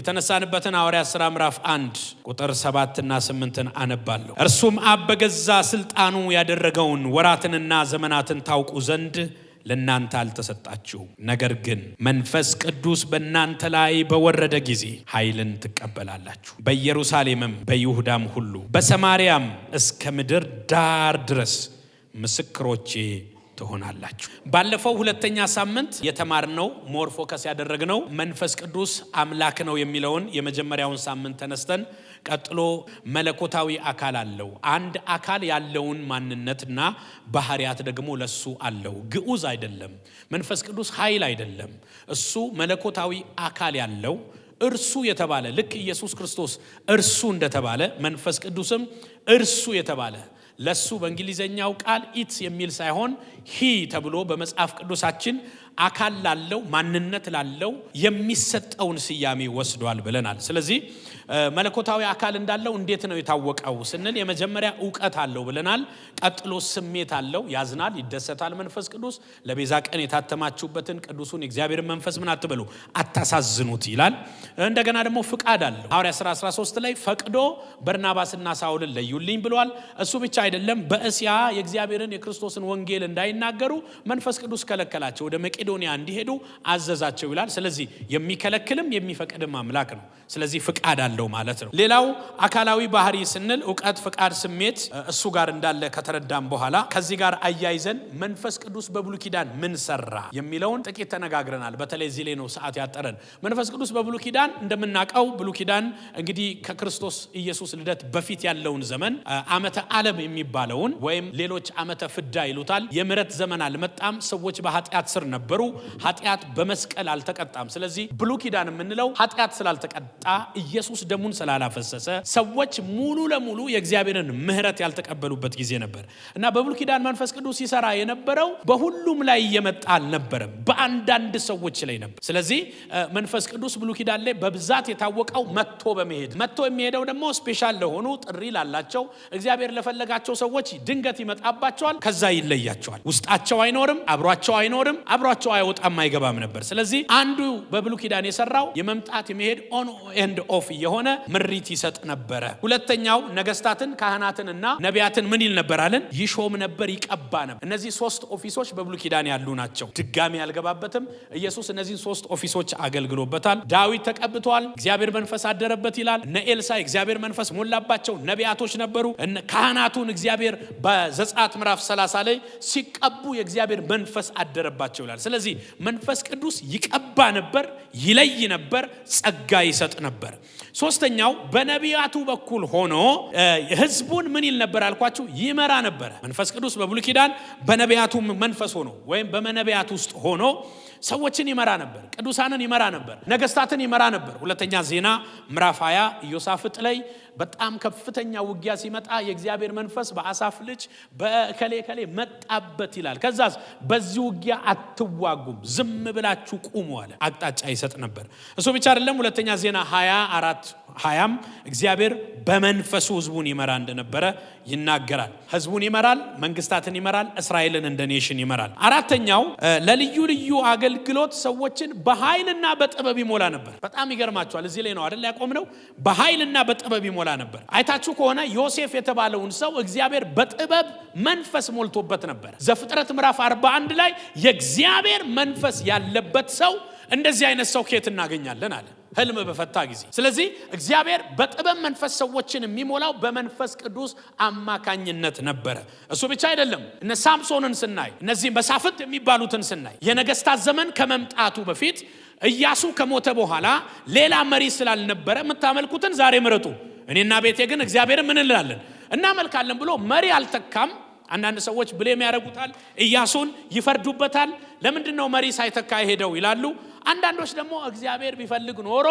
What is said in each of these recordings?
የተነሳንበትን ሐዋርያት ሥራ ምዕራፍ አንድ ቁጥር ሰባትና ስምንትን አነባለሁ። እርሱም አብ በገዛ ሥልጣኑ ያደረገውን ወራትንና ዘመናትን ታውቁ ዘንድ ለእናንተ አልተሰጣችሁም። ነገር ግን መንፈስ ቅዱስ በእናንተ ላይ በወረደ ጊዜ ኃይልን ትቀበላላችሁ። በኢየሩሳሌምም በይሁዳም ሁሉ በሰማርያም እስከ ምድር ዳር ድረስ ምስክሮቼ ትሆናላችሁ። ባለፈው ሁለተኛ ሳምንት የተማርነው ሞር ፎከስ ያደረግነው መንፈስ ቅዱስ አምላክ ነው የሚለውን የመጀመሪያውን ሳምንት ተነስተን ቀጥሎ መለኮታዊ አካል አለው። አንድ አካል ያለውን ማንነትና ባህሪያት ደግሞ ለሱ አለው። ግዑዝ አይደለም። መንፈስ ቅዱስ ኃይል አይደለም። እሱ መለኮታዊ አካል ያለው እርሱ የተባለ ልክ ኢየሱስ ክርስቶስ እርሱ እንደተባለ መንፈስ ቅዱስም እርሱ የተባለ ለሱ በእንግሊዘኛው ቃል ኢት የሚል ሳይሆን ሂ ተብሎ በመጽሐፍ ቅዱሳችን አካል ላለው ማንነት ላለው የሚሰጠውን ስያሜ ወስዷል ብለናል። ስለዚህ መለኮታዊ አካል እንዳለው እንዴት ነው የታወቀው ስንል የመጀመሪያ እውቀት አለው ብለናል። ቀጥሎ ስሜት አለው፣ ያዝናል፣ ይደሰታል። መንፈስ ቅዱስ ለቤዛ ቀን የታተማችሁበትን ቅዱሱን የእግዚአብሔር መንፈስ ምን አትበሉ አታሳዝኑት ይላል። እንደገና ደግሞ ፍቃድ አለው። ሐዋርያ 13 ላይ ፈቅዶ በርናባስና ሳውልን ለዩልኝ ብሏል። እሱ ብቻ አይደለም፣ በእስያ የእግዚአብሔርን የክርስቶስን ወንጌል እንዳይናገሩ መንፈስ ቅዱስ ከለከላቸው፣ ወደ መቄዶንያ እንዲሄዱ አዘዛቸው ይላል። ስለዚህ የሚከለክልም የሚፈቅድም አምላክ ነው። ስለዚህ ፍቃድ አለው ያለው ማለት ነው። ሌላው አካላዊ ባህሪ ስንል እውቀት፣ ፍቃድ፣ ስሜት እሱ ጋር እንዳለ ከተረዳም በኋላ ከዚህ ጋር አያይዘን መንፈስ ቅዱስ በብሉ ኪዳን ምን ሰራ የሚለውን ጥቂት ተነጋግረናል። በተለይ እዚህ ላይ ነው ሰዓት ያጠረን። መንፈስ ቅዱስ በብሉ ኪዳን እንደምናውቀው ብሉ ኪዳን እንግዲህ ከክርስቶስ ኢየሱስ ልደት በፊት ያለውን ዘመን ዓመተ ዓለም የሚባለውን ወይም ሌሎች ዓመተ ፍዳ ይሉታል የምረት ዘመን አልመጣም። ሰዎች በኃጢአት ስር ነበሩ። ኃጢአት በመስቀል አልተቀጣም። ስለዚህ ብሉ ኪዳን የምንለው ኃጢአት ስላልተቀጣ ኢየሱስ ደሙን ስላላፈሰሰ ሰዎች ሙሉ ለሙሉ የእግዚአብሔርን ምህረት ያልተቀበሉበት ጊዜ ነበር እና በብሉ ኪዳን መንፈስ ቅዱስ ሲሰራ የነበረው በሁሉም ላይ እየመጣ አልነበረም፣ በአንዳንድ ሰዎች ላይ ነበር። ስለዚህ መንፈስ ቅዱስ ብሉ ኪዳን ላይ በብዛት የታወቀው መጥቶ በመሄድ መጥቶ የሚሄደው ደግሞ ስፔሻል ለሆኑ ጥሪ ላላቸው እግዚአብሔር ለፈለጋቸው ሰዎች ድንገት ይመጣባቸዋል፣ ከዛ ይለያቸዋል። ውስጣቸው አይኖርም፣ አብሯቸው አይኖርም፣ አብሯቸው አይወጣም፣ አይገባም ነበር። ስለዚህ አንዱ በብሉ ኪዳን የሰራው የመምጣት የመሄድ ኦን ኤንድ ኦፍ እየሆነ የሆነ ምሪት ይሰጥ ነበረ። ሁለተኛው ነገስታትን፣ ካህናትን እና ነቢያትን ምን ይል ነበር ይሾም ነበር፣ ይቀባ ነበር። እነዚህ ሶስት ኦፊሶች በብሉ ኪዳን ያሉ ናቸው። ድጋሚ አልገባበትም። ኢየሱስ እነዚህን ሶስት ኦፊሶች አገልግሎበታል። ዳዊት ተቀብቷል፣ እግዚአብሔር መንፈስ አደረበት ይላል። እነ ኤልሳ እግዚአብሔር መንፈስ ሞላባቸው ነቢያቶች ነበሩ። ካህናቱን እግዚአብሔር በዘጻት ምዕራፍ 30 ላይ ሲቀቡ የእግዚአብሔር መንፈስ አደረባቸው ይላል። ስለዚህ መንፈስ ቅዱስ ይቀባ ነበር ይለይ ነበር፣ ጸጋ ይሰጥ ነበር። ሶስተኛው በነቢያቱ በኩል ሆኖ ህዝቡን ምን ይል ነበር አልኳችሁ? ይመራ ነበረ። መንፈስ ቅዱስ በብሉይ ኪዳን በነቢያቱ መንፈስ ሆኖ ወይም በመነቢያት ውስጥ ሆኖ ሰዎችን ይመራ ነበር፣ ቅዱሳንን ይመራ ነበር፣ ነገስታትን ይመራ ነበር። ሁለተኛ ዜና ምዕራፍ 20 ኢዮሳፍጥ ላይ በጣም ከፍተኛ ውጊያ ሲመጣ የእግዚአብሔር መንፈስ በአሳፍ ልጅ በከሌ ከሌ መጣበት ይላል። ከዛስ በዚህ ውጊያ አትዋጉም፣ ዝም ብላችሁ ቁሙ አለ። አቅጣጫ ይሰጥ ነበር። እሱ ብቻ አይደለም። ሁለተኛ ዜና 24 ሀያም እግዚአብሔር በመንፈሱ ህዝቡን ይመራ እንደነበረ ይናገራል። ህዝቡን ይመራል፣ መንግስታትን ይመራል፣ እስራኤልን እንደ ኔሽን ይመራል። አራተኛው ለልዩ ልዩ አገ አገልግሎት ሰዎችን በኃይልና በጥበብ ይሞላ ነበር። በጣም ይገርማቸዋል። እዚህ ላይ ነው አደ ያቆም ነው። በኃይልና በጥበብ ይሞላ ነበር። አይታችሁ ከሆነ ዮሴፍ የተባለውን ሰው እግዚአብሔር በጥበብ መንፈስ ሞልቶበት ነበር። ዘፍጥረት ምዕራፍ 41 ላይ የእግዚአብሔር መንፈስ ያለበት ሰው እንደዚህ አይነት ሰው ከየት እናገኛለን አለ ህልም በፈታ ጊዜ። ስለዚህ እግዚአብሔር በጥበብ መንፈስ ሰዎችን የሚሞላው በመንፈስ ቅዱስ አማካኝነት ነበረ። እሱ ብቻ አይደለም። እነ ሳምሶንን ስናይ፣ እነዚህ መሳፍንት የሚባሉትን ስናይ የነገስታት ዘመን ከመምጣቱ በፊት እያሱ ከሞተ በኋላ ሌላ መሪ ስላልነበረ የምታመልኩትን ዛሬ ምረጡ፣ እኔና ቤቴ ግን እግዚአብሔር ምን እንላለን እናመልካለን ብሎ መሪ አልተካም። አንዳንድ ሰዎች ብሌም ያደርጉታል፣ እያሱን ይፈርዱበታል። ለምንድን ነው መሪ ሳይተካ ሄደው ይላሉ። አንዳንዶች ደግሞ እግዚአብሔር ቢፈልግ ኖሮ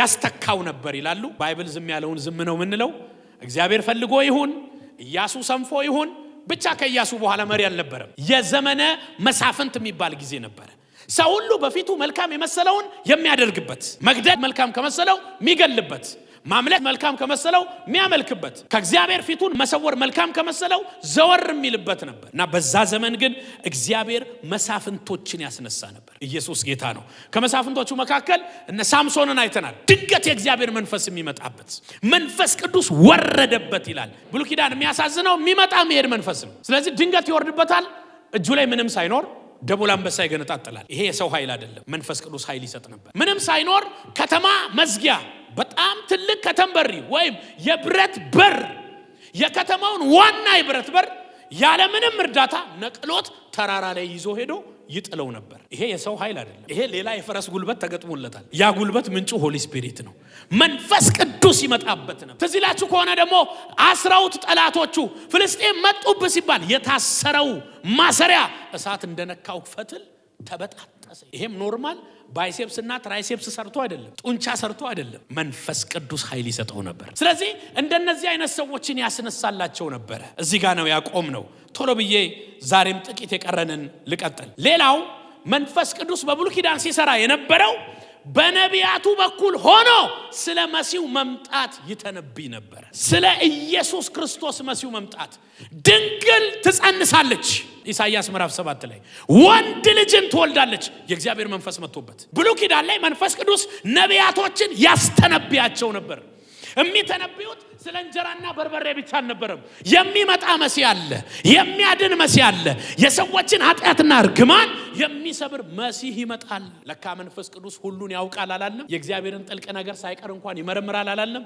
ያስተካው ነበር ይላሉ። ባይብል ዝም ያለውን ዝም ነው የምንለው። እግዚአብሔር ፈልጎ ይሁን እያሱ ሰንፎ ይሁን ብቻ ከእያሱ በኋላ መሪ አልነበረም። የዘመነ መሳፍንት የሚባል ጊዜ ነበረ። ሰው ሁሉ በፊቱ መልካም የመሰለውን የሚያደርግበት፣ መግደል መልካም ከመሰለው የሚገልበት ማምለክ መልካም ከመሰለው የሚያመልክበት፣ ከእግዚአብሔር ፊቱን መሰወር መልካም ከመሰለው ዘወር የሚልበት ነበር እና በዛ ዘመን ግን እግዚአብሔር መሳፍንቶችን ያስነሳ ነበር። ኢየሱስ ጌታ ነው። ከመሳፍንቶቹ መካከል እነ ሳምሶንን አይተናል። ድንገት የእግዚአብሔር መንፈስ የሚመጣበት መንፈስ ቅዱስ ወረደበት ይላል ብሉይ ኪዳን። የሚያሳዝነው የሚመጣ መሄድ መንፈስ ነው። ስለዚህ ድንገት ይወርድበታል እጁ ላይ ምንም ሳይኖር ደቦል አንበሳ ይገነጣጠላል። ይሄ የሰው ኃይል አይደለም፣ መንፈስ ቅዱስ ኃይል ይሰጥ ነበር። ምንም ሳይኖር ከተማ መዝጊያ በጣም ትልቅ ከተንበሪ ወይም የብረት በር የከተማውን ዋና የብረት በር ያለምንም እርዳታ ነቅሎት ተራራ ላይ ይዞ ሄዶ ይጥለው ነበር። ይሄ የሰው ኃይል አይደለም። ይሄ ሌላ የፈረስ ጉልበት ተገጥሞለታል። ያ ጉልበት ምንጩ ሆሊ ስፒሪት ነው። መንፈስ ቅዱስ ይመጣበት ነው ትዚላችሁ ከሆነ ደግሞ አስራውት ጠላቶቹ ፍልስጤም መጡብ ሲባል የታሰረው ማሰሪያ እሳት እንደነካው ፈትል ተበጣጠሰ። ይሄም ኖርማል ባይሴፕስ እና ትራይሴፕስ ሰርቶ አይደለም፣ ጡንቻ ሰርቶ አይደለም። መንፈስ ቅዱስ ኃይል ይሰጠው ነበር። ስለዚህ እንደነዚህ አይነት ሰዎችን ያስነሳላቸው ነበረ። እዚህ ጋ ነው ያቆም ነው። ቶሎ ብዬ ዛሬም ጥቂት የቀረንን ልቀጥል። ሌላው መንፈስ ቅዱስ በብሉ ኪዳን ሲሰራ የነበረው በነቢያቱ በኩል ሆኖ ስለ መሲው መምጣት ይተነብ ነበር ስለ ኢየሱስ ክርስቶስ መሲው መምጣት ድንግል ትጸንሳለች ኢሳይያስ ምዕራፍ ሰባት ላይ ወንድ ልጅን ትወልዳለች የእግዚአብሔር መንፈስ መጥቶበት ብሉ ኪዳን ላይ መንፈስ ቅዱስ ነቢያቶችን ያስተነብያቸው ነበር። የሚተነብዩት ስለ እንጀራና በርበሬ ብቻ አልነበረም። የሚመጣ መሲ አለ፣ የሚያድን መሲ አለ፣ የሰዎችን ኃጢአትና እርግማን የሚሰብር መሲህ ይመጣል። ለካ መንፈስ ቅዱስ ሁሉን ያውቃል አላለም? የእግዚአብሔርን ጥልቅ ነገር ሳይቀር እንኳን ይመረምራል አላለም?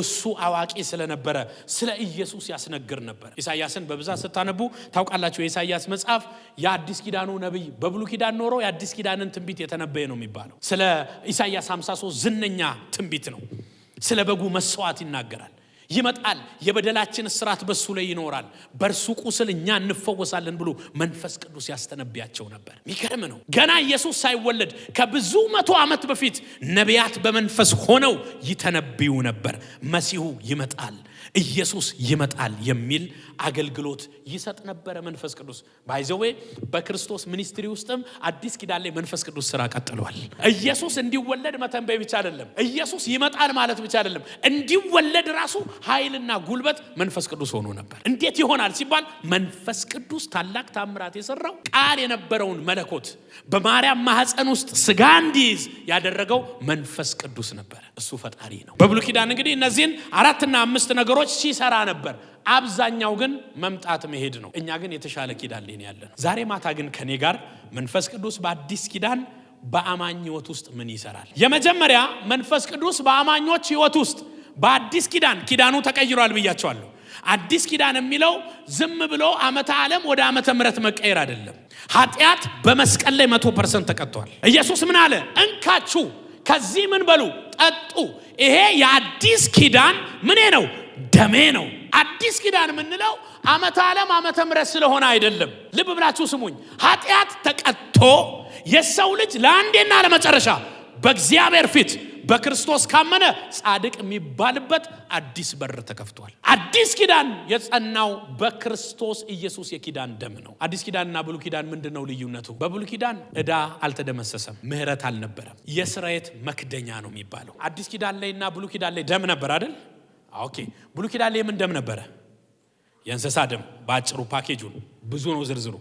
እሱ አዋቂ ስለነበረ ስለ ኢየሱስ ያስነግር ነበር። ኢሳያስን በብዛት ስታነቡ ታውቃላቸው የኢሳያስ መጽሐፍ የአዲስ ኪዳኑ ነቢይ በብሉ ኪዳን ኖሮ የአዲስ ኪዳንን ትንቢት የተነበየ ነው የሚባለው። ስለ ኢሳያስ 53 ዝነኛ ትንቢት ነው። ስለ በጉ መስዋዕት ይናገራል። ይመጣል። የበደላችን እስራት በሱ ላይ ይኖራል፣ በእርሱ ቁስል እኛ እንፈወሳለን ብሎ መንፈስ ቅዱስ ያስተነብያቸው ነበር። ሚገርም ነው። ገና ኢየሱስ ሳይወለድ ከብዙ መቶ ዓመት በፊት ነቢያት በመንፈስ ሆነው ይተነብዩ ነበር። መሲሁ ይመጣል ኢየሱስ ይመጣል የሚል አገልግሎት ይሰጥ ነበረ። መንፈስ ቅዱስ ባይዘዌ በክርስቶስ ሚኒስትሪ ውስጥም አዲስ ኪዳን ላይ መንፈስ ቅዱስ ስራ ቀጥሏል። ኢየሱስ እንዲወለድ መተንበይ ብቻ አይደለም፣ ኢየሱስ ይመጣል ማለት ብቻ አይደለም። እንዲወለድ ራሱ ኃይልና ጉልበት መንፈስ ቅዱስ ሆኖ ነበር። እንዴት ይሆናል ሲባል መንፈስ ቅዱስ ታላቅ ታምራት የሰራው ቃል የነበረውን መለኮት በማርያም ማህፀን ውስጥ ስጋ እንዲይዝ ያደረገው መንፈስ ቅዱስ ነበረ። እሱ ፈጣሪ ነው። በብሉ ኪዳን እንግዲህ እነዚህን አራትና አምስት ነገ ነገሮች ሲሰራ ነበር። አብዛኛው ግን መምጣት መሄድ ነው። እኛ ግን የተሻለ ኪዳን ልን ያለን። ዛሬ ማታ ግን ከኔ ጋር መንፈስ ቅዱስ በአዲስ ኪዳን በአማኝ ህይወት ውስጥ ምን ይሰራል? የመጀመሪያ መንፈስ ቅዱስ በአማኞች ህይወት ውስጥ በአዲስ ኪዳን ኪዳኑ ተቀይሯል ብያቸዋለሁ። አዲስ ኪዳን የሚለው ዝም ብሎ ዓመተ ዓለም ወደ ዓመተ ምሕረት መቀየር አይደለም። ኃጢአት በመስቀል ላይ መቶ ፐርሰንት ተቀጥቷል። ኢየሱስ ምን አለ? እንካችሁ ከዚህ ምን በሉ ጠጡ። ይሄ የአዲስ ኪዳን ምን ነው ደሜ ነው። አዲስ ኪዳን የምንለው ዓመተ ዓለም ዓመተ ምሕረት ስለሆነ አይደለም። ልብ ብላችሁ ስሙኝ። ኃጢአት ተቀጥቶ የሰው ልጅ ለአንዴና ለመጨረሻ በእግዚአብሔር ፊት በክርስቶስ ካመነ ጻድቅ የሚባልበት አዲስ በር ተከፍቷል። አዲስ ኪዳን የጸናው በክርስቶስ ኢየሱስ የኪዳን ደም ነው። አዲስ ኪዳንና ብሉ ኪዳን ምንድን ነው ልዩነቱ? በብሉ ኪዳን እዳ አልተደመሰሰም፣ ምህረት አልነበረም፣ የስርየት መክደኛ ነው የሚባለው። አዲስ ኪዳን ላይና ብሉ ኪዳን ላይ ደም ነበር አይደል? ኦኬ ብሉ ኪዳን ላይ ምን ደም ነበረ? የእንስሳ ደም። በአጭሩ ፓኬጁን ብዙ ነው ዝርዝሩ።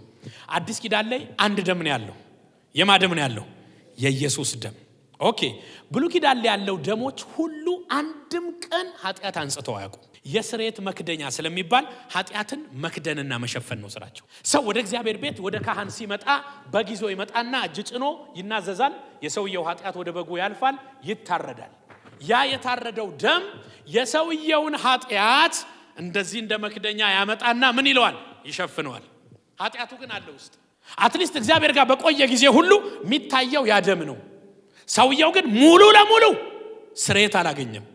አዲስ ኪዳን ላይ አንድ ደም ነው ያለው። የማ ደም ነው ያለው? የኢየሱስ ደም። ኦኬ ብሉ ኪዳን ላይ ያለው ደሞች ሁሉ አንድም ቀን ኃጢአት አንጽተው አያውቁም። የስሬት መክደኛ ስለሚባል ኃጢአትን መክደንና መሸፈን ነው ስራቸው። ሰው ወደ እግዚአብሔር ቤት ወደ ካህን ሲመጣ በጊዜው ይመጣና እጅ ጭኖ ይናዘዛል። የሰውየው ኃጢአት ወደ በጉ ያልፋል፣ ይታረዳል። ያ የታረደው ደም የሰውየውን ኃጢአት እንደዚህ እንደ መክደኛ ያመጣና ምን ይለዋል? ይሸፍነዋል። ኃጢአቱ ግን አለ ውስጥ። አትሊስት እግዚአብሔር ጋር በቆየ ጊዜ ሁሉ የሚታየው ያ ደም ነው። ሰውየው ግን ሙሉ ለሙሉ ስርየት አላገኘም።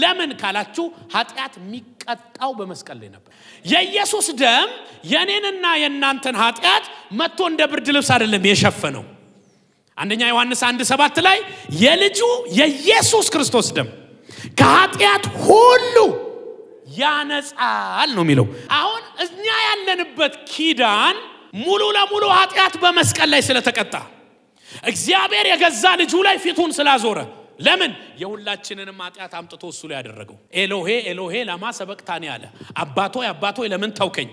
ለምን ካላችሁ ኃጢአት የሚቀጣው በመስቀል ላይ ነበር። የኢየሱስ ደም የእኔንና የእናንተን ኃጢአት መጥቶ እንደ ብርድ ልብስ አይደለም የሸፈነው አንደኛ ዮሐንስ አንድ ሰባት ላይ የልጁ የኢየሱስ ክርስቶስ ደም ከኃጢአት ሁሉ ያነጻል ነው የሚለው። አሁን እኛ ያለንበት ኪዳን ሙሉ ለሙሉ ኃጢአት በመስቀል ላይ ስለተቀጣ እግዚአብሔር የገዛ ልጁ ላይ ፊቱን ስላዞረ ለምን የሁላችንንም ኃጢአት አምጥቶ እሱ ላይ ያደረገው። ኤሎሄ ኤሎሄ ላማ ሰበቅታኒ አለ አባቶ አባቶ ለምን ተውከኝ።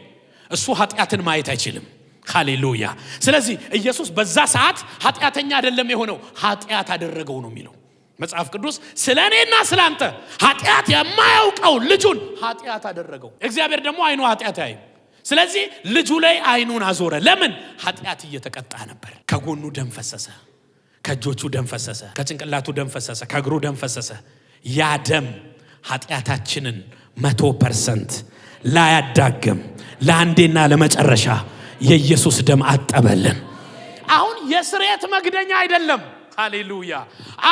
እሱ ኃጢአትን ማየት አይችልም። ሃሌሉያ። ስለዚህ ኢየሱስ በዛ ሰዓት ኃጢአተኛ አይደለም የሆነው ኃጢአት አደረገው ነው የሚለው መጽሐፍ ቅዱስ ስለ እኔና ስለ አንተ ኃጢአት የማያውቀው ልጁን ኃጢአት አደረገው። እግዚአብሔር ደግሞ አይኑ ኃጢአት ያዩ። ስለዚህ ልጁ ላይ አይኑን አዞረ። ለምን? ኃጢአት እየተቀጣ ነበር። ከጎኑ ደም ፈሰሰ፣ ከእጆቹ ደም ፈሰሰ፣ ከጭንቅላቱ ደም ፈሰሰ፣ ከእግሩ ደም ፈሰሰ። ያ ደም ኃጢአታችንን መቶ ፐርሰንት ላያዳግም ለአንዴና ለመጨረሻ የኢየሱስ ደም አጠበልን። አሁን የስሬት መግደኛ አይደለም። ሃሌሉያ!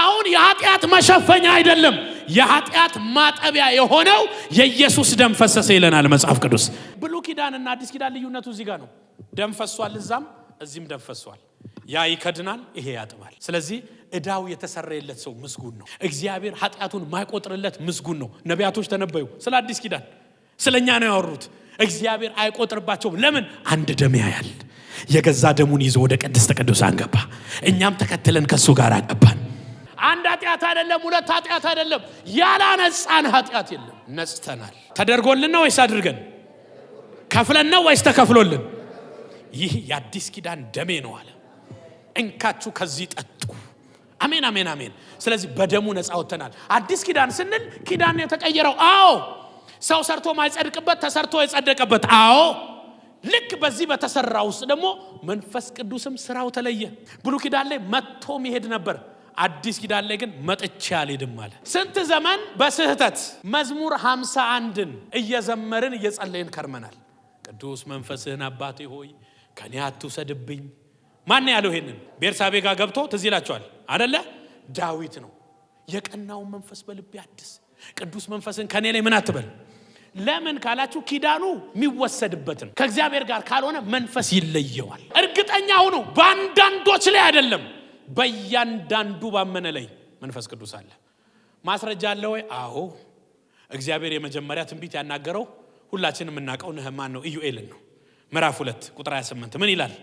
አሁን የኃጢአት መሸፈኛ አይደለም፣ የኃጢአት ማጠቢያ የሆነው የኢየሱስ ደም ፈሰሰ ይለናል መጽሐፍ ቅዱስ። ብሉ ኪዳንና አዲስ ኪዳን ልዩነቱ እዚህ ጋር ነው። ደም ፈሷል፣ እዛም እዚህም ደም ፈሷል። ያ ይከድናል፣ ይሄ ያጥባል። ስለዚህ እዳው የተሰረየለት ሰው ምስጉን ነው። እግዚአብሔር ኃጢአቱን ማይቆጥርለት ምስጉን ነው። ነቢያቶች ተነበዩ። ስለ አዲስ ኪዳን ስለ እኛ ነው ያወሩት። እግዚአብሔር አይቆጥርባቸውም። ለምን? አንድ ደም ያያል። የገዛ ደሙን ይዞ ወደ ቅድስተ ቅዱሳን ገባ። እኛም ተከትለን ከእሱ ጋር አገባን። አንድ ኃጢአት አይደለም፣ ሁለት ኃጢአት አይደለም፣ ያላነጻን ኃጢአት የለም። ነጽተናል። ተደርጎልን ነው ወይስ አድርገን? ከፍለን ነው ወይስ ተከፍሎልን? ይህ የአዲስ ኪዳን ደሜ ነው አለ። እንካችሁ ከዚህ ጠጡ። አሜን፣ አሜን፣ አሜን። ስለዚህ በደሙ ነፃ ወተናል። አዲስ ኪዳን ስንል ኪዳን የተቀየረው አዎ ሰው ሰርቶ ማይጸድቅበት ተሰርቶ የጸደቀበት። አዎ ልክ በዚህ በተሰራ ውስጥ ደግሞ መንፈስ ቅዱስም ስራው ተለየ። ብሉ ኪዳን ላይ መጥቶ መሄድ ነበር፣ አዲስ ኪዳን ላይ ግን መጥቼ አልሄድም አለ። ስንት ዘመን በስህተት መዝሙር ሀምሳ አንድን እየዘመርን እየጸለይን ከርመናል። ቅዱስ መንፈስህን አባቴ ሆይ ከኔ አትውሰድብኝ። ማን ያለው ይሄንን? ቤርሳቤ ጋር ገብቶ ትዝ ይላቸዋል አደለ? ዳዊት ነው የቀናውን መንፈስ በልቤ አድስ ቅዱስ መንፈስን ከኔ ላይ ምን አትበል። ለምን ካላችሁ ኪዳኑ ነው። ከእግዚአብሔር ጋር ካልሆነ መንፈስ ይለየዋል። እርግጠኛ ሁኑ፣ በአንዳንዶች ላይ አይደለም፣ በእያንዳንዱ ባመነ ላይ መንፈስ ቅዱስ አለ። ማስረጃ አለ ወይ? አዎ፣ እግዚአብሔር የመጀመሪያ ትንቢት ያናገረው ሁላችንም የምናውቀው ነህማን ነው፣ ኢዩኤልን ነው። ምዕራፍ ሁለት ቁጥር 28 ምን ይላል?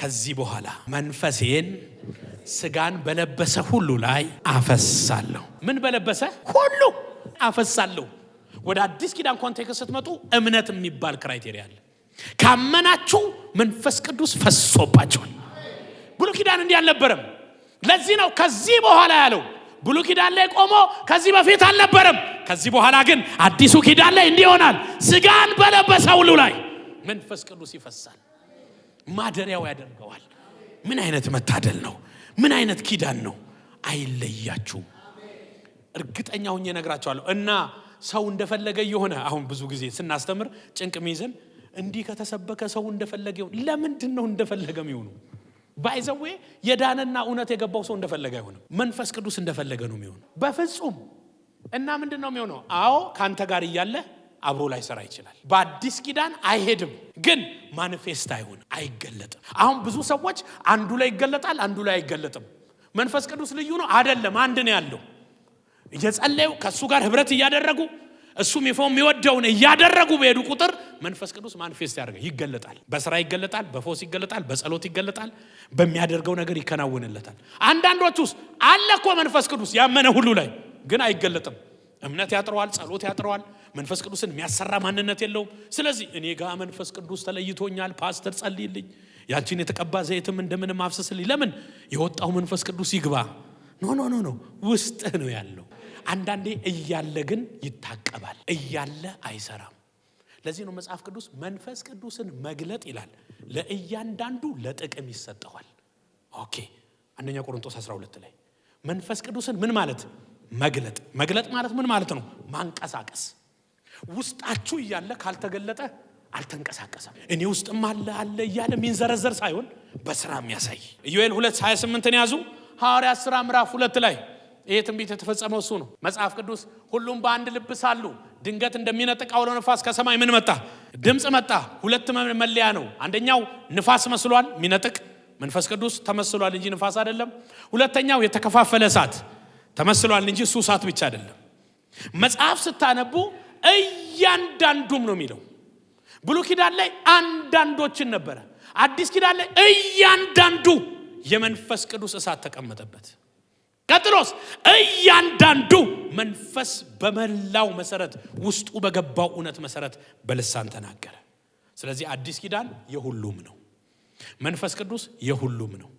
ከዚህ በኋላ መንፈሴን ስጋን በለበሰ ሁሉ ላይ አፈሳለሁ። ምን በለበሰ ሁሉ አፈሳለሁ። ወደ አዲስ ኪዳን ኮንቴክስት ስትመጡ እምነት የሚባል ክራይቴሪያ አለ። ካመናችሁ መንፈስ ቅዱስ ፈሶባቸዋል። ብሉ ኪዳን እንዲህ አልነበረም። ለዚህ ነው ከዚህ በኋላ ያለው። ብሉ ኪዳን ላይ ቆሞ ከዚህ በፊት አልነበረም። ከዚህ በኋላ ግን አዲሱ ኪዳን ላይ እንዲህ ይሆናል። ስጋን በለበሰ ሁሉ ላይ መንፈስ ቅዱስ ይፈሳል። ማደሪያው ያደርገዋል። ምን አይነት መታደል ነው! ምን አይነት ኪዳን ነው! አይለያችሁ እርግጠኛ ሁኜ ነግራቸዋለሁ እና ሰው እንደፈለገ የሆነ አሁን ብዙ ጊዜ ስናስተምር ጭንቅ ሚይዘን እንዲህ ከተሰበከ ሰው እንደፈለገ ይሆን። ለምንድን ነው እንደፈለገ የሚሆኑ? ባይዘዌ የዳነና እውነት የገባው ሰው እንደፈለገ አይሆንም። መንፈስ ቅዱስ እንደፈለገ ነው የሚሆኑ በፍጹም። እና ምንድን ነው የሚሆነው? አዎ ከአንተ ጋር እያለ አብሮ ላይ ሰራ ይችላል። በአዲስ ኪዳን አይሄድም፣ ግን ማኒፌስት አይሆን አይገለጥም። አሁን ብዙ ሰዎች አንዱ ላይ ይገለጣል፣ አንዱ ላይ አይገለጥም። መንፈስ ቅዱስ ልዩ ነው አይደለም፣ አንድ ነው ያለው። እየጸለዩ ከእሱ ጋር ህብረት እያደረጉ እሱም ይፈው የሚወደውን እያደረጉ በሄዱ ቁጥር መንፈስ ቅዱስ ማንፌስት ያደርገ ይገለጣል። በስራ ይገለጣል፣ በፎስ ይገለጣል፣ በጸሎት ይገለጣል፣ በሚያደርገው ነገር ይከናወንለታል። አንዳንዶች ውስጥ አለኮ መንፈስ ቅዱስ ያመነ ሁሉ ላይ ግን አይገለጥም። እምነት ያጥረዋል፣ ጸሎት ያጥረዋል፣ መንፈስ ቅዱስን የሚያሰራ ማንነት የለውም። ስለዚህ እኔ ጋ መንፈስ ቅዱስ ተለይቶኛል፣ ፓስተር ጸልይልኝ፣ ያንቺን የተቀባ ዘይትም እንደምንም አፍሰስልኝ? ለምን የወጣው መንፈስ ቅዱስ ይግባ? ኖ ኖ ኖ ኖ፣ ውስጥህ ነው ያለው። አንዳንዴ እያለ ግን ይታቀባል፣ እያለ አይሰራም። ለዚህ ነው መጽሐፍ ቅዱስ መንፈስ ቅዱስን መግለጥ ይላል፣ ለእያንዳንዱ ለጥቅም ይሰጠዋል። ኦኬ፣ አንደኛ ቆሮንቶስ 12 ላይ መንፈስ ቅዱስን ምን ማለት መግለጥ፣ መግለጥ ማለት ምን ማለት ነው? ማንቀሳቀስ ውስጣችሁ እያለ ካልተገለጠ አልተንቀሳቀሰም። እኔ ውስጥም አለ አለ እያለ የሚንዘረዘር ሳይሆን በስራ የሚያሳይ ኢዮኤል 2 28ን ያዙ። ሐዋርያት ሥራ ምዕራፍ ሁለት ላይ ይህ ትንቢት የተፈጸመው እሱ ነው። መጽሐፍ ቅዱስ ሁሉም በአንድ ልብ ሳሉ ድንገት እንደሚነጥቅ አውሎ ነፋስ ከሰማይ ምን መጣ? ድምፅ መጣ። ሁለት መለያ ነው። አንደኛው ንፋስ መስሏል የሚነጥቅ መንፈስ ቅዱስ ተመስሏል እንጂ ንፋስ አይደለም። ሁለተኛው የተከፋፈለ እሳት ተመስሏል እንጂ እሱ እሳት ብቻ አይደለም። መጽሐፍ ስታነቡ እያንዳንዱም ነው የሚለው። ብሉ ኪዳን ላይ አንዳንዶችን ነበረ፣ አዲስ ኪዳን ላይ እያንዳንዱ የመንፈስ ቅዱስ እሳት ተቀመጠበት። ቀጥሎስ እያንዳንዱ መንፈስ በመላው መሰረት ውስጡ በገባው እውነት መሰረት በልሳን ተናገረ። ስለዚህ አዲስ ኪዳን የሁሉም ነው። መንፈስ ቅዱስ የሁሉም ነው።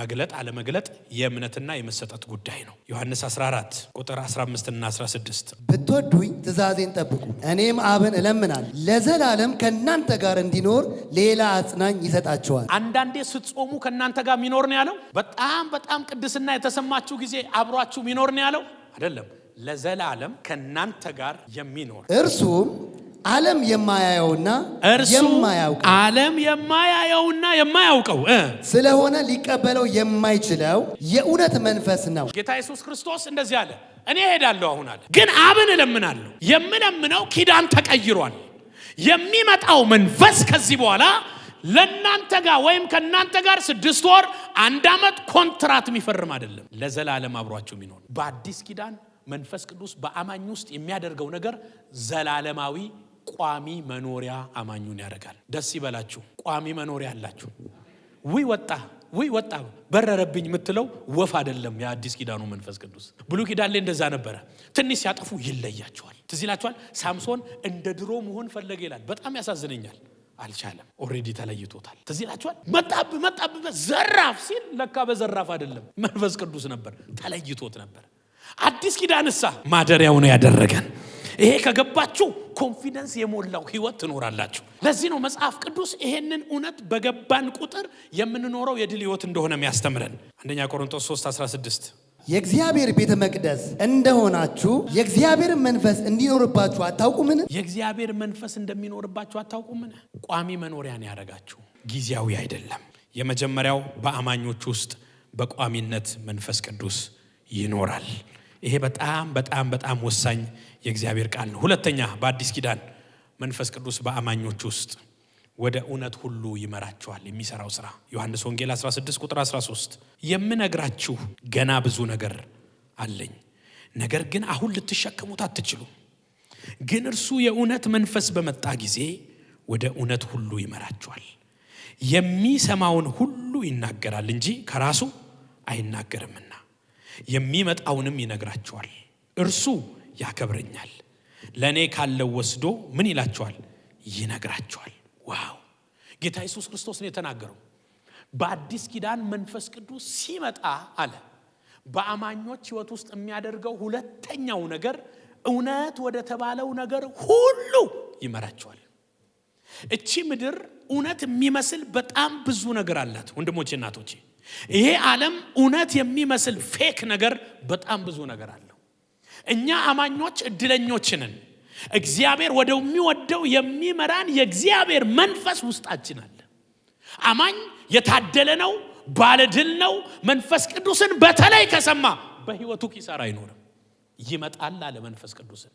መግለጥ አለመግለጥ የእምነትና የመሰጠት ጉዳይ ነው። ዮሐንስ 14 ቁጥር 15 እና 16 ብትወዱኝ ትእዛዜን ጠብቁ፣ እኔም አብን እለምናል ለዘላለም ከእናንተ ጋር እንዲኖር ሌላ አጽናኝ ይሰጣቸዋል። አንዳንዴ ስትጾሙ ከእናንተ ጋር ሚኖር ነው ያለው። በጣም በጣም ቅድስና የተሰማችሁ ጊዜ አብሯችሁ ሚኖር ነው ያለው አይደለም። ለዘላለም ከእናንተ ጋር የሚኖር እርሱም ዓለም የማያየውና የማያውቀው ዓለም የማያየውና የማያውቀው ስለሆነ ሊቀበለው የማይችለው የእውነት መንፈስ ነው። ጌታ ኢየሱስ ክርስቶስ እንደዚህ አለ፣ እኔ እሄዳለሁ አሁን አለ፣ ግን አብን እለምናለሁ። የምለምነው ኪዳን ተቀይሯል። የሚመጣው መንፈስ ከዚህ በኋላ ለእናንተ ጋር ወይም ከእናንተ ጋር ስድስት ወር አንድ ዓመት ኮንትራት የሚፈርም አይደለም። ለዘላለም አብሯቸው የሚኖር በአዲስ ኪዳን መንፈስ ቅዱስ በአማኝ ውስጥ የሚያደርገው ነገር ዘላለማዊ ቋሚ መኖሪያ አማኙን ያደርጋል። ደስ ይበላችሁ፣ ቋሚ መኖሪያ አላችሁ። ውይ ወጣ ውይ ወጣ በረረብኝ የምትለው ወፍ አይደለም። የአዲስ ኪዳኑ መንፈስ ቅዱስ ብሉይ ኪዳን ላይ እንደዛ ነበረ። ትንሽ ሲያጠፉ ይለያቸዋል። ትዝ ሳምሶን እንደ ድሮ መሆን ፈለገ ይላል። በጣም ያሳዝነኛል። አልቻለም። ኦሬዲ ተለይቶታል። ትዝ መጣብ መጣብ ዘራፍ ሲል ለካ በዘራፍ አይደለም መንፈስ ቅዱስ ነበር፣ ተለይቶት ነበር። አዲስ ኪዳንሳ ማደሪያው ነው ያደረገን ይሄ ከገባችሁ ኮንፊደንስ የሞላው ህይወት ትኖራላችሁ። ለዚህ ነው መጽሐፍ ቅዱስ ይሄንን እውነት በገባን ቁጥር የምንኖረው የድል ህይወት እንደሆነ የሚያስተምረን። አንደኛ ቆሮንቶስ 3:16 የእግዚአብሔር ቤተ መቅደስ እንደሆናችሁ የእግዚአብሔር መንፈስ እንዲኖርባችሁ አታውቁምን? የእግዚአብሔር መንፈስ እንደሚኖርባችሁ አታውቁምን? ቋሚ መኖሪያን ያደረጋችሁ ጊዜያዊ አይደለም። የመጀመሪያው በአማኞች ውስጥ በቋሚነት መንፈስ ቅዱስ ይኖራል። ይሄ በጣም በጣም በጣም ወሳኝ የእግዚአብሔር ቃል ነው። ሁለተኛ በአዲስ ኪዳን መንፈስ ቅዱስ በአማኞች ውስጥ ወደ እውነት ሁሉ ይመራችኋል። የሚሰራው ስራ ዮሐንስ ወንጌል 16 ቁጥር 13 የምነግራችሁ ገና ብዙ ነገር አለኝ፣ ነገር ግን አሁን ልትሸከሙት አትችሉ ግን እርሱ የእውነት መንፈስ በመጣ ጊዜ ወደ እውነት ሁሉ ይመራችኋል። የሚሰማውን ሁሉ ይናገራል እንጂ ከራሱ አይናገርምና የሚመጣውንም ይነግራችኋል። እርሱ ያከብረኛል። ለእኔ ካለው ወስዶ ምን ይላቸዋል? ይነግራቸዋል። ዋው! ጌታ ኢየሱስ ክርስቶስ ነው የተናገረው። በአዲስ ኪዳን መንፈስ ቅዱስ ሲመጣ አለ በአማኞች ህይወት ውስጥ የሚያደርገው ሁለተኛው ነገር እውነት ወደ ተባለው ነገር ሁሉ ይመራቸዋል። እቺ ምድር እውነት የሚመስል በጣም ብዙ ነገር አላት ወንድሞቼ፣ እናቶቼ። ይሄ ዓለም እውነት የሚመስል ፌክ ነገር በጣም ብዙ ነገር አለ። እኛ አማኞች ነን። እግዚአብሔር ወደሚወደው የሚመራን የእግዚአብሔር መንፈስ ውስጣችን አለ። አማኝ የታደለ ነው፣ ባለድል ነው። መንፈስ ቅዱስን በተለይ ከሰማ በህይወቱ ኪሳራ አይኖርም። ይመጣል አለ መንፈስ ቅዱስን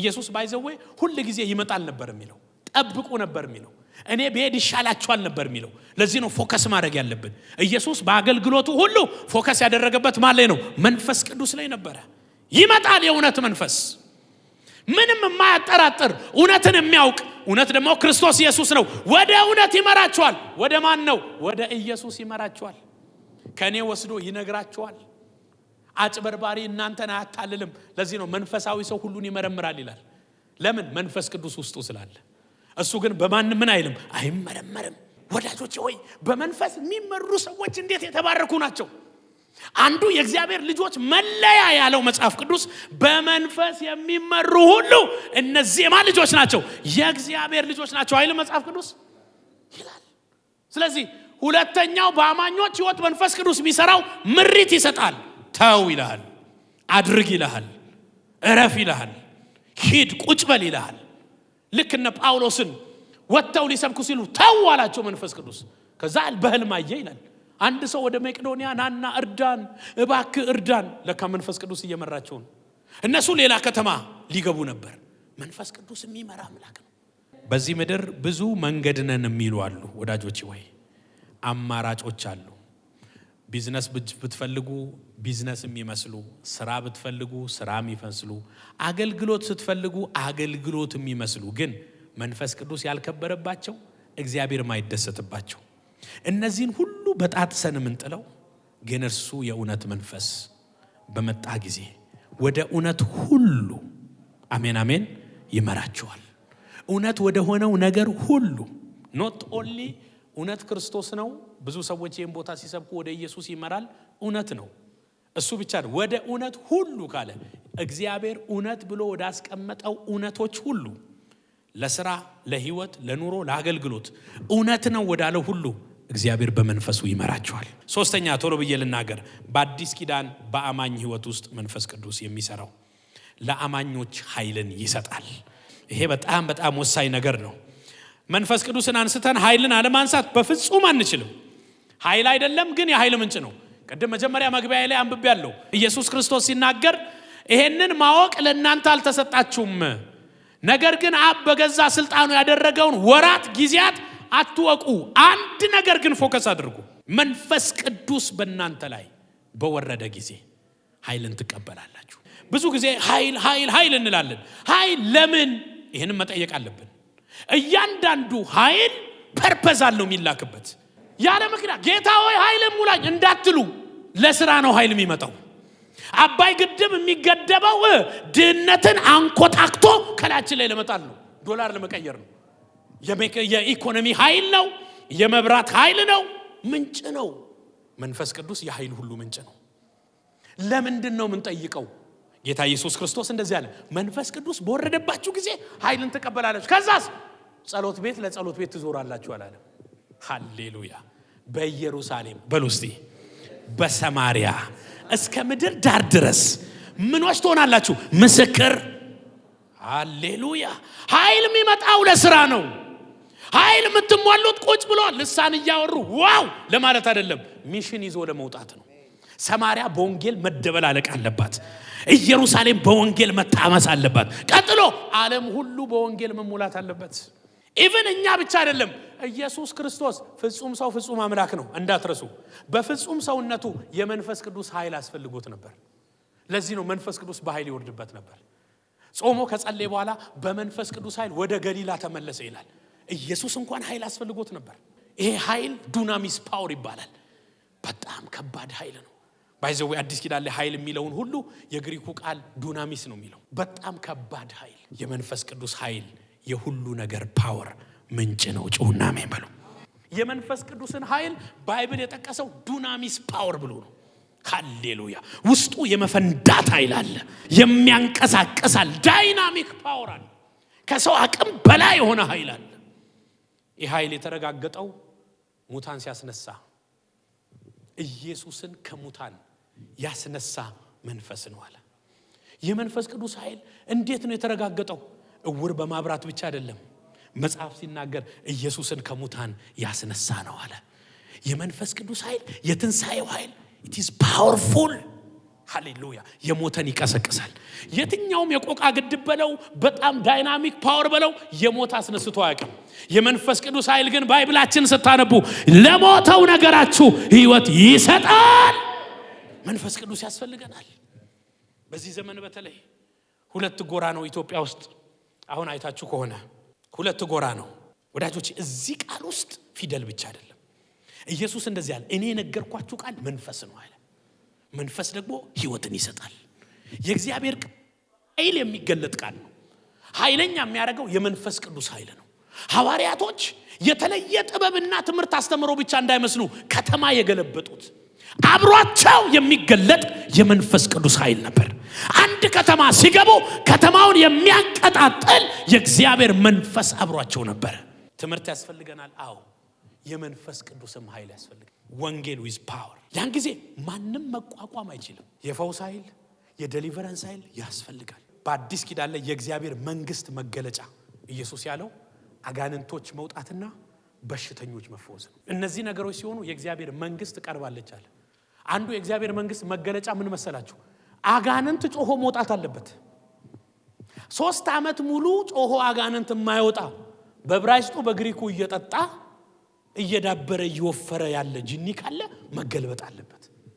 ኢየሱስ ባይዘወ ሁል ጊዜ ይመጣል ነበር የሚለው፣ ጠብቁ ነበር የሚለው፣ እኔ ብሄድ ይሻላችኋል ነበር የሚለው። ለዚህ ነው ፎከስ ማድረግ ያለብን። ኢየሱስ በአገልግሎቱ ሁሉ ፎከስ ያደረገበት ማን ላይ ነው? መንፈስ ቅዱስ ላይ ነበረ። ይመጣል የእውነት መንፈስ ምንም የማያጠራጥር እውነትን የሚያውቅ እውነት ደግሞ ክርስቶስ ኢየሱስ ነው። ወደ እውነት ይመራችኋል። ወደ ማን ነው? ወደ ኢየሱስ ይመራችኋል። ከእኔ ወስዶ ይነግራችኋል። አጭበርባሪ እናንተን አያታልልም። ለዚህ ነው መንፈሳዊ ሰው ሁሉን ይመረምራል ይላል። ለምን? መንፈስ ቅዱስ ውስጡ ስላለ። እሱ ግን በማንም ምን አይልም፣ አይመረመርም። ወዳጆቼ ወይ በመንፈስ የሚመሩ ሰዎች እንዴት የተባረኩ ናቸው! አንዱ የእግዚአብሔር ልጆች መለያ ያለው መጽሐፍ ቅዱስ በመንፈስ የሚመሩ ሁሉ እነዚህ የማ ልጆች ናቸው የእግዚአብሔር ልጆች ናቸው አይል መጽሐፍ ቅዱስ ይላል ስለዚህ ሁለተኛው በአማኞች ህይወት መንፈስ ቅዱስ የሚሰራው ምሪት ይሰጣል ተው ይልሃል አድርግ ይልሃል እረፍ ይልሃል ሂድ ቁጭበል ይልሃል ልክ እነ ጳውሎስን ወጥተው ሊሰብኩ ሲሉ ተው አላቸው መንፈስ ቅዱስ ከዛ በህልም አየ ይላል አንድ ሰው ወደ መቄዶንያ ናና እርዳን እባክ እርዳን። ለካ መንፈስ ቅዱስ እየመራቸው ነው። እነሱ ሌላ ከተማ ሊገቡ ነበር። መንፈስ ቅዱስ የሚመራ አምላክ ነው። በዚህ ምድር ብዙ መንገድ ነን የሚሉ አሉ ወዳጆች፣ ወይ አማራጮች አሉ። ቢዝነስ ብትፈልጉ ቢዝነስ የሚመስሉ ስራ ብትፈልጉ ስራ የሚመስሉ አገልግሎት ስትፈልጉ አገልግሎት የሚመስሉ ግን መንፈስ ቅዱስ ያልከበረባቸው እግዚአብሔር ማይደሰትባቸው እነዚህን ሁሉ በጣጥሰን የምንጥለው ግን እርሱ የእውነት መንፈስ በመጣ ጊዜ ወደ እውነት ሁሉ አሜን አሜን ይመራችኋል። እውነት ወደ ሆነው ነገር ሁሉ ኖት ኦንሊ እውነት ክርስቶስ ነው። ብዙ ሰዎች ይህን ቦታ ሲሰብኩ ወደ ኢየሱስ ይመራል። እውነት ነው እሱ ብቻ ነው። ወደ እውነት ሁሉ ካለ እግዚአብሔር እውነት ብሎ ወዳስቀመጠው እውነቶች ሁሉ ለስራ፣ ለህይወት፣ ለኑሮ፣ ለአገልግሎት እውነት ነው ወዳለው ሁሉ እግዚአብሔር በመንፈሱ ይመራቸዋል። ሶስተኛ ቶሎ ብዬ ልናገር፣ በአዲስ ኪዳን በአማኝ ህይወት ውስጥ መንፈስ ቅዱስ የሚሰራው ለአማኞች ኃይልን ይሰጣል። ይሄ በጣም በጣም ወሳኝ ነገር ነው። መንፈስ ቅዱስን አንስተን ኃይልን አለማንሳት በፍጹም አንችልም። ኃይል አይደለም ግን የኃይል ምንጭ ነው። ቅድም መጀመሪያ መግቢያ ላይ አንብቤ ያለው ኢየሱስ ክርስቶስ ሲናገር ይሄንን ማወቅ ለእናንተ አልተሰጣችሁም፣ ነገር ግን አብ በገዛ ስልጣኑ ያደረገውን ወራት ጊዜያት አትወቁ። አንድ ነገር ግን ፎከስ አድርጉ። መንፈስ ቅዱስ በእናንተ ላይ በወረደ ጊዜ ኃይልን ትቀበላላችሁ። ብዙ ጊዜ ኃይል ኃይል ኃይል እንላለን። ኃይል ለምን? ይህንም መጠየቅ አለብን። እያንዳንዱ ኃይል ፐርፐዝ አለው የሚላክበት። ያለ ምክንያት ጌታ ሆይ ኃይል ሙላኝ እንዳትሉ፣ ለስራ ነው ኃይል የሚመጣው። አባይ ግድብ የሚገደበው ድህነትን አንኮታክቶ ከላችን ላይ ለመጣል ነው፣ ዶላር ለመቀየር ነው። የኢኮኖሚ ኃይል ነው። የመብራት ኃይል ነው። ምንጭ ነው። መንፈስ ቅዱስ የኃይል ሁሉ ምንጭ ነው። ለምንድን ነው የምንጠይቀው? ጌታ ኢየሱስ ክርስቶስ እንደዚህ አለ፣ መንፈስ ቅዱስ በወረደባችሁ ጊዜ ኃይልን ትቀበላለች ከዛስ ጸሎት ቤት ለጸሎት ቤት ትዞራላችሁ አላለም ሃሌሉያ! በኢየሩሳሌም በሉስቲ በሰማሪያ እስከ ምድር ዳር ድረስ ምኖች ትሆናላችሁ ምስክር። ሃሌሉያ! ኃይል የሚመጣው ለስራ ነው። ኃይል የምትሟሉት ቁጭ ብለዋል። ልሳን እያወሩ ዋው ለማለት አይደለም፣ ሚሽን ይዞ ለመውጣት ነው። ሰማሪያ በወንጌል መደበላለቅ አለባት። ኢየሩሳሌም በወንጌል መታመስ አለባት። ቀጥሎ ዓለም ሁሉ በወንጌል መሙላት አለበት። ኢቨን እኛ ብቻ አይደለም። ኢየሱስ ክርስቶስ ፍጹም ሰው ፍጹም አምላክ ነው እንዳትረሱ። በፍጹም ሰውነቱ የመንፈስ ቅዱስ ኃይል አስፈልጎት ነበር። ለዚህ ነው መንፈስ ቅዱስ በኃይል ይወርድበት ነበር። ጾሞ ከጸለየ በኋላ በመንፈስ ቅዱስ ኃይል ወደ ገሊላ ተመለሰ ይላል። ኢየሱስ እንኳን ኃይል አስፈልጎት ነበር። ይሄ ኃይል ዱናሚስ ፓወር ይባላል። በጣም ከባድ ኃይል ነው። ባይዘዌ አዲስ ኪዳን ላይ ኃይል የሚለውን ሁሉ የግሪኩ ቃል ዱናሚስ ነው የሚለው። በጣም ከባድ ኃይል፣ የመንፈስ ቅዱስ ኃይል የሁሉ ነገር ፓወር ምንጭ ነው። ጭውና በሉ። የመንፈስ ቅዱስን ኃይል ባይብል የጠቀሰው ዱናሚስ ፓወር ብሎ ነው። ሃሌሉያ! ውስጡ የመፈንዳት ኃይል አለ፣ የሚያንቀሳቅሳል። ዳይናሚክ ፓወር አለ፣ ከሰው አቅም በላይ የሆነ ኃይል አለ። ይህ ኃይል የተረጋገጠው ሙታን ሲያስነሳ ኢየሱስን ከሙታን ያስነሳ መንፈስ ነው አለ። የመንፈስ ቅዱስ ኃይል እንዴት ነው የተረጋገጠው? እውር በማብራት ብቻ አይደለም። መጽሐፍ ሲናገር ኢየሱስን ከሙታን ያስነሳ ነው አለ። የመንፈስ ቅዱስ ኃይል የትንሣኤው ኃይል ኢትስ ፓወርፉል ሃሌሉያ! የሞተን ይቀሰቅሳል። የትኛውም የቆቃ ግድብ በለው በጣም ዳይናሚክ ፓወር በለው የሞት አስነስቶ አያውቅም። የመንፈስ ቅዱስ ኃይል ግን ባይብላችን ስታነቡ ለሞተው ነገራችሁ ህይወት ይሰጣል። መንፈስ ቅዱስ ያስፈልገናል። በዚህ ዘመን በተለይ ሁለት ጎራ ነው ኢትዮጵያ ውስጥ አሁን አይታችሁ ከሆነ ሁለት ጎራ ነው ወዳጆች። እዚህ ቃል ውስጥ ፊደል ብቻ አይደለም። ኢየሱስ እንደዚህ አለ፣ እኔ የነገርኳችሁ ቃል መንፈስ ነው አለ መንፈስ ደግሞ ህይወትን ይሰጣል። የእግዚአብሔር ኃይል የሚገለጥ ቃል ነው። ኃይለኛ የሚያደርገው የመንፈስ ቅዱስ ኃይል ነው። ሐዋርያቶች የተለየ ጥበብና ትምህርት አስተምሮ ብቻ እንዳይመስሉ ከተማ የገለበጡት አብሯቸው የሚገለጥ የመንፈስ ቅዱስ ኃይል ነበር። አንድ ከተማ ሲገቡ ከተማውን የሚያቀጣጥል የእግዚአብሔር መንፈስ አብሯቸው ነበር። ትምህርት ያስፈልገናል። አዎ የመንፈስ ቅዱስም ኃይል ያስፈልግ። ወንጌል ዊዝ ፓወር። ያን ጊዜ ማንም መቋቋም አይችልም። የፈውስ ኃይል፣ የደሊቨረንስ ኃይል ያስፈልጋል። በአዲስ ኪዳን ላይ የእግዚአብሔር መንግስት መገለጫ ኢየሱስ ያለው አጋንንቶች መውጣትና በሽተኞች መፈወስ ነው። እነዚህ ነገሮች ሲሆኑ የእግዚአብሔር መንግስት ቀርባለች አለ። አንዱ የእግዚአብሔር መንግስት መገለጫ ምን መሰላችሁ? አጋንንት ጮሆ መውጣት አለበት። ሶስት ዓመት ሙሉ ጮሆ አጋንንት የማይወጣ በብራይስጡ በግሪኩ እየጠጣ እየዳበረ እየወፈረ ያለ ጅኒ ካለ መገልበጥ አለበት።